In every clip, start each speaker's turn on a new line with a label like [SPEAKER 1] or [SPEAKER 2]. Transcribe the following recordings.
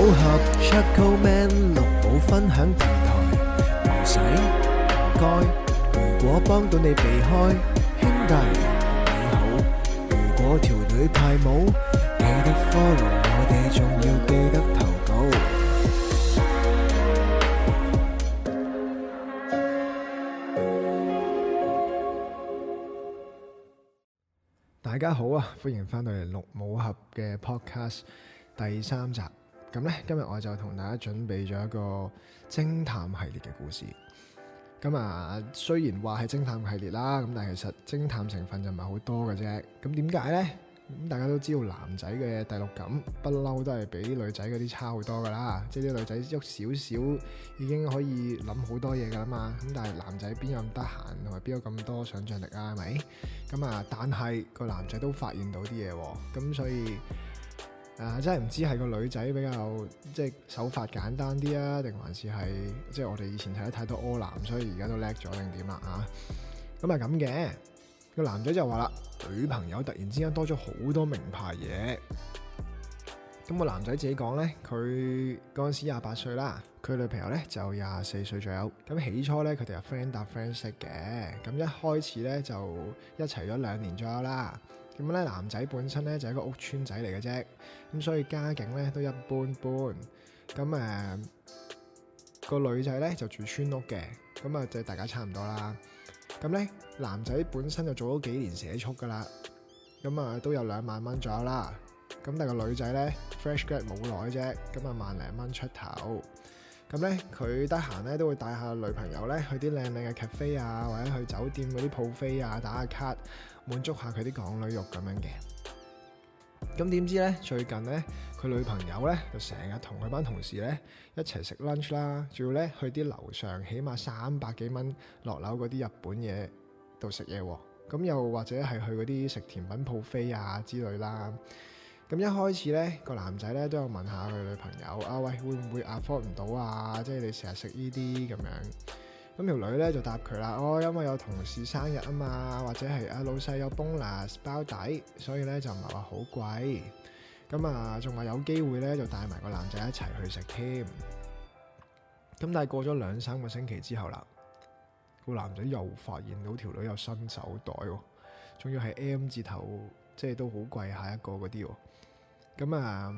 [SPEAKER 1] 綠帽 Cuckold Man 綠帽分享平台，唔使唔該。如果幫到你避開，兄弟你好。如果條女派帽，記得 follow 我哋，仲要記得投稿。大家好啊，歡迎翻到嚟綠帽合嘅 Podcast 第三集。咁咧，今日我就同大家準備咗一個偵探系列嘅故事。咁啊，雖然話係偵探系列啦，咁但係其實偵探成分就唔係好多嘅啫。咁點解呢？咁大家都知道男仔嘅第六感不嬲都係比女仔嗰啲差好多噶啦。即係啲女仔喐少少已經可以諗好多嘢噶啦嘛。咁但係男仔邊有咁得閒，同埋邊有咁多想像力啊？係咪？咁啊，但係個男仔都發現到啲嘢喎。咁所以。誒、啊、真係唔知係個女仔比較即係手法簡單啲啊，定還是係即係我哋以前睇得太多柯南，所以而家都叻咗定點啦嚇？咁係咁嘅，個男仔就話啦，女朋友突然之間多咗好多名牌嘢。咁、個男仔自己講呢，佢嗰陣時廿八歲啦，佢女朋友呢就廿四歲左右。咁起初呢，佢哋係 friend 搭 friend 識嘅，咁一開始呢，就一齊咗兩年左右啦。咁咧，男仔本身咧就係一個屋村仔嚟嘅啫，咁所以家境咧都一般般。咁誒個女仔咧就住村屋嘅，咁啊就大家差唔多啦。咁咧男仔本身就做咗幾年寫速㗎啦，咁啊都有兩萬蚊左右啦。咁但係個女仔咧 fresh grad 冇耐啫，咁啊萬零蚊出頭。咁咧佢得閒咧都會帶下女朋友咧去啲靚靚嘅 cafe 啊，或者去酒店嗰啲 buffet 啊打下卡。滿足下佢啲港女肉咁樣嘅，咁點知咧最近咧佢女朋友咧就成日同佢班同事咧一齊食 lunch 啦，仲要咧去啲樓上，起碼三百幾蚊落樓嗰啲日本嘢度食嘢喎，咁又或者係去嗰啲食甜品 buffet 啊之類啦。咁一開始咧個男仔咧都有問下佢女朋友：啊喂，會唔會 afford 唔到啊？即係你成日食呢啲咁樣。咁條女咧就答佢啦，哦，因為有同事生日啊嘛，或者係阿老細有 bonus 包底，所以咧就唔係話好貴。咁啊，仲話有機會咧就帶埋個男仔一齊去食添。咁但係過咗兩三個星期之後啦，個男仔又發現到條女有新手袋喎，仲要係 M 字頭，即係都好貴下一個嗰啲喎。咁啊，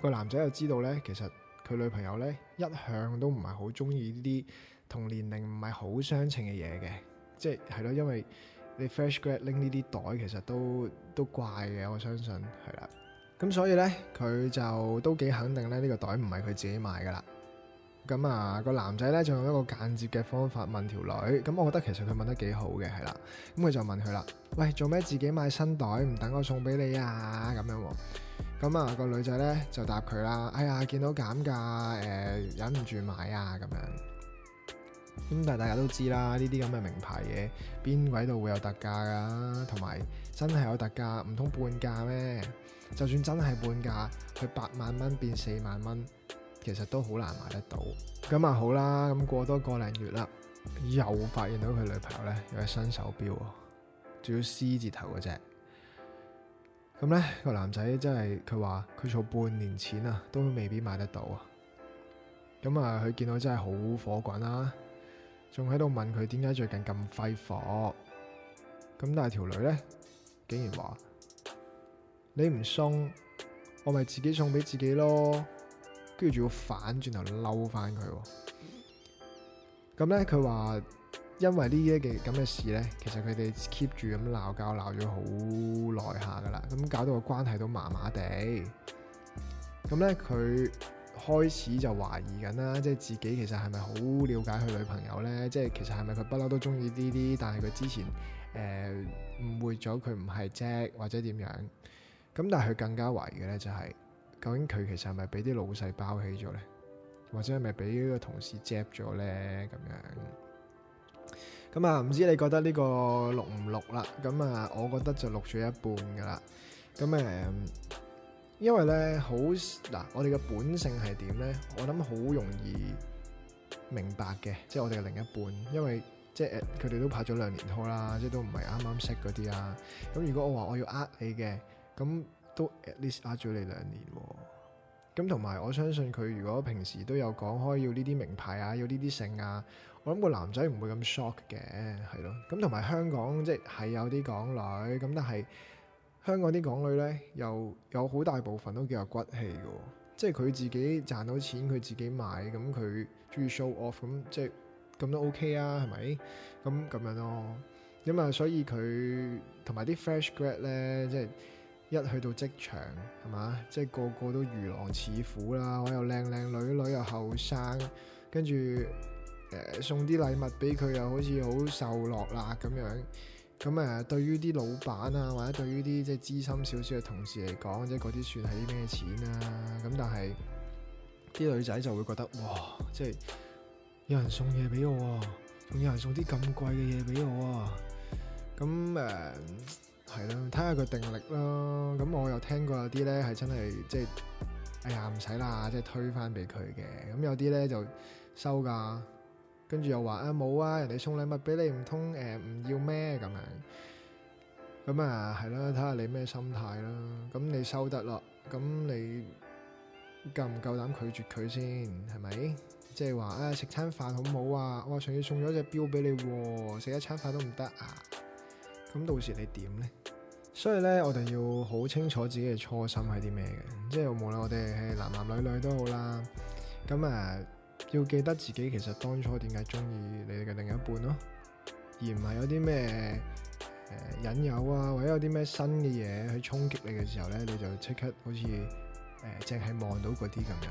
[SPEAKER 1] 個男仔又知道咧，其實佢女朋友咧一向都唔係好中意呢啲。同年齡唔係好相稱嘅嘢嘅，即係係咯，因為你 fresh grad 拎呢啲袋其實都都怪嘅。我相信係啦，咁所以呢，佢就都幾肯定咧呢個袋唔係佢自己買噶啦。咁啊個男仔呢就用一個間接嘅方法問條女，咁我覺得其實佢問得幾好嘅係啦。咁佢就問佢啦：喂，做咩自己買新袋唔等我送俾你啊？咁樣喎、哦。咁啊個女仔呢就答佢啦：哎呀，見到減價誒、呃，忍唔住買啊咁樣。咁但係大家都知啦，呢啲咁嘅名牌嘢，邊鬼度會有特價噶？同埋真係有特價，唔通半價咩？就算真係半價，佢八萬蚊變四萬蚊，其實都好難買得到。咁啊好啦，咁過多個零月啦，又發現到佢女朋友咧有一新手錶，仲要 C 字頭嗰隻。咁咧個男仔真係佢話佢做半年錢啊，都未必買得到啊。咁啊，佢見到真係好火滾啦啊。仲喺度問佢點解最近咁揮霍，咁但係條女咧竟然話你唔送，我咪自己送俾自己咯，跟住仲要反轉頭嬲翻佢，咁咧佢話因為、這個這個、呢一件咁嘅事咧，其實佢哋 keep 住咁鬧交鬧咗好耐下噶啦，咁搞到個關係都麻麻地，咁咧佢。開始就懷疑緊啦，即係自己其實係咪好了解佢女朋友呢？即係其實係咪佢不嬲都中意呢啲，但係佢之前誒、呃、誤會咗佢唔係 jack 或者點樣？咁但係佢更加懷疑嘅呢、就是，就係究竟佢其實係咪俾啲老細包起咗呢？或者係咪俾呢個同事 jack 咗呢？咁樣咁啊，唔知你覺得呢個錄唔錄啦？咁啊，我覺得就錄咗一半噶啦。咁誒。嗯因為咧，好嗱，我哋嘅本性係點咧？我諗好容易明白嘅，即係我哋嘅另一半，因為即係佢哋都拍咗兩年拖啦，即係都唔係啱啱識嗰啲啦。咁如果我話我要呃你嘅，咁都 at least 呃咗你兩年喎、啊。咁同埋我相信佢如果平時都有講開要呢啲名牌啊，要呢啲性啊，我諗個男仔唔會咁 shock 嘅，係咯。咁同埋香港即係有啲港女，咁但係。香港啲港女呢，又有好大部分都叫有骨氣嘅，即係佢自己賺到錢，佢自己買，咁佢中意 show off，咁即係咁都 OK 啊，係咪？咁咁樣咯，咁啊，所以佢同埋啲 fresh grad 呢，即係一去到職場係嘛，即係個個都如狼似虎啦，我又靚靚女，女又後生，跟住、呃、送啲禮物俾佢，又好似好受落啦咁樣。咁誒，對於啲老闆啊，或者對於啲即係資深少少嘅同事嚟講，即係嗰啲算係啲咩錢啊？咁但係啲女仔就會覺得哇，即係有人送嘢俾我啊，仲有人送啲咁貴嘅嘢俾我啊！咁誒係啦，睇下佢定力啦。咁我又聽過有啲咧係真係即係，哎呀唔使啦，即係推返俾佢嘅。咁有啲咧就收㗎。跟住又話啊冇啊，人哋送禮物俾你唔通誒唔要咩咁樣？咁啊係咯，睇下你咩心態啦。咁你收得咯，咁你夠唔夠膽拒絕佢先？係咪？即係話啊，食餐飯好唔好啊？我上次送咗隻錶俾你，食一餐飯都唔得啊？咁到時你點呢？所以咧，我哋要好清楚自己嘅初心係啲咩嘅。即係無論我哋係男男女女都好啦。咁啊～要記得自己其實當初點解中意你哋嘅另一半咯，而唔係有啲咩誒引誘啊，或者有啲咩新嘅嘢去衝擊你嘅時候咧，你就即刻好似誒淨係望到嗰啲咁樣。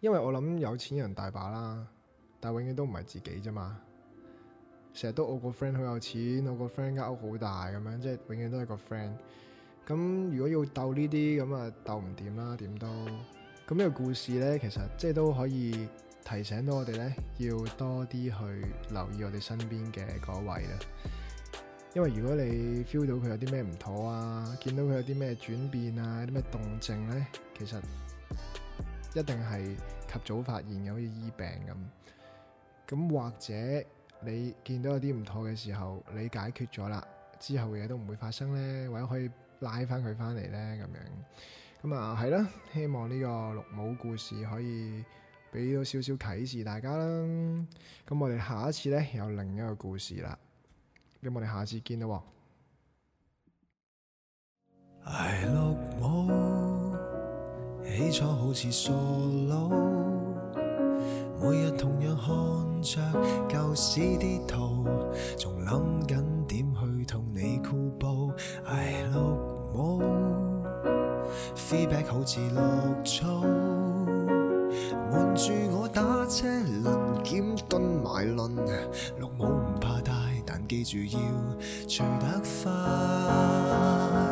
[SPEAKER 1] 因為我諗有錢人大把啦，但永遠都唔係自己啫嘛。成日都我個 friend 好有錢，我個 friend 間屋好大咁樣，即係永遠都係個 friend。咁如果要鬥呢啲咁啊，鬥唔掂啦，點都～咁呢個故事呢，其實即係都可以提醒到我哋呢，要多啲去留意我哋身邊嘅嗰位啦。因為如果你 feel 到佢有啲咩唔妥啊，見到佢有啲咩轉變啊，有啲咩動靜呢，其實一定係及早發現嘅，好似醫病咁。咁或者你見到有啲唔妥嘅時候，你解決咗啦，之後嘅嘢都唔會發生呢，或者可以拉翻佢翻嚟呢咁樣。咁啊，係啦，希望呢個綠帽故事可以俾到少少啟示大家啦。咁我哋下一次咧有另一個故事啦，咁我哋下次見咯喎。Feedback 好似落醋，瞞住我打車輪扁蹲埋輪，綠帽唔怕戴，但記住要除得快。